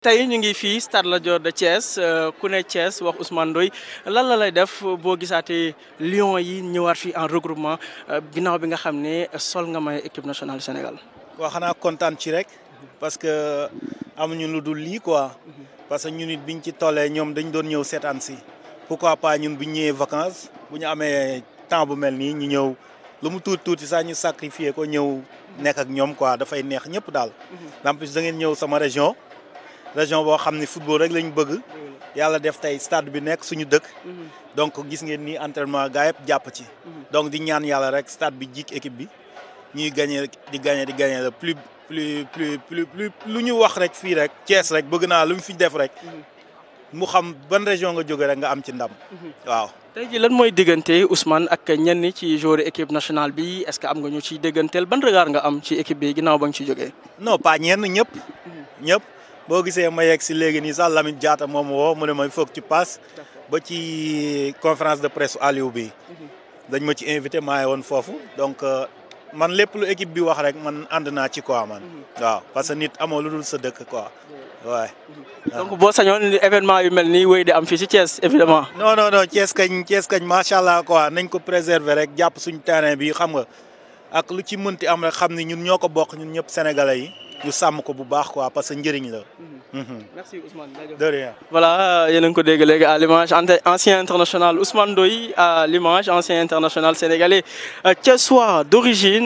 tey ñu ngi fii Stade Lat Dior de Thiès euh, ku ne Thiès wax Ousmane Ndoye lan la lay def boo gisaatee Lions yi ñëwaat fii en regroupement euh, ginnaaw bi nga xam ne sol nga may équipe nationale du Sénégal. waaw xanaa kontaan ci rek parce que amuñu lu dul lii quoi parce que ñun it ñu ci tollee ñoom dañu doon ñëw seetaan si pourquoi pas ñun bu ñu ñëwee vacances bu ñu amee temps bu mel nii ñu ñëw lu mu tuuti tuuti sax ñu sacrifier ko ñëw nekk ak ñoom quoi dafay neex ñëpp daal. Mhm. en plus da ngeen ñëw sama région. région boo xam ne football rek lañ bëgg. yàlla def tey stade bi nekk suñu dëkk. Mhm. donc gis ngeen ni entraînement gaa yëpp jàpp ci. Mhm. donc di ñaan yàlla rek stade bi jik équipe bi ñuy gagné di gagné di gagné la plus plus plus lu ñu wax rek fii rek cees rek bëgg naa lu ñu fi def rek. Mhm. mu xam ban région nga jóge rek nga am ci ndam. waaw tey jii lan mooy diggante Ousmane ak ñenn ci joueur équipe nationale bi est-ce que am nga ñu ciy dégganteel ban regard nga am c équipe bi ginnaaw ba nga ci jógee. non pas ñëpp. ñëpp. boo gisee ma yegg si léegi nii sax Lamine jaata moom ma woo mu ne ma foog ci paas ba ci conférence de presse Aliou bi dañ ma ci invité maa ngi woon foofu donc euh, man lépp lu équipe bi wax rek man ànd naa ci quoi man. waaw parce que nit amoo lu dul sa dëkk quoi. waaye. donc boo sañoon événement yu mel nii wéy di am fi si Thiès évidemment. non non non Thiès kañ Thiès macha allah quoi nañ ko préserver rek jàpp suñu terrain bi xam nga ak lu ci mënti am rek xam ni ñun ñoo ko bokk ñun ñëpp sénégalais yi. Nous sommes ko bu baax mhm. Mhm. merci Ousmane de rien. voilà y a un ko dégg collègues à l'image ancien international Ousmane Doï, à l'image ancien international sénégalais Qu'elle euh, soit d'origine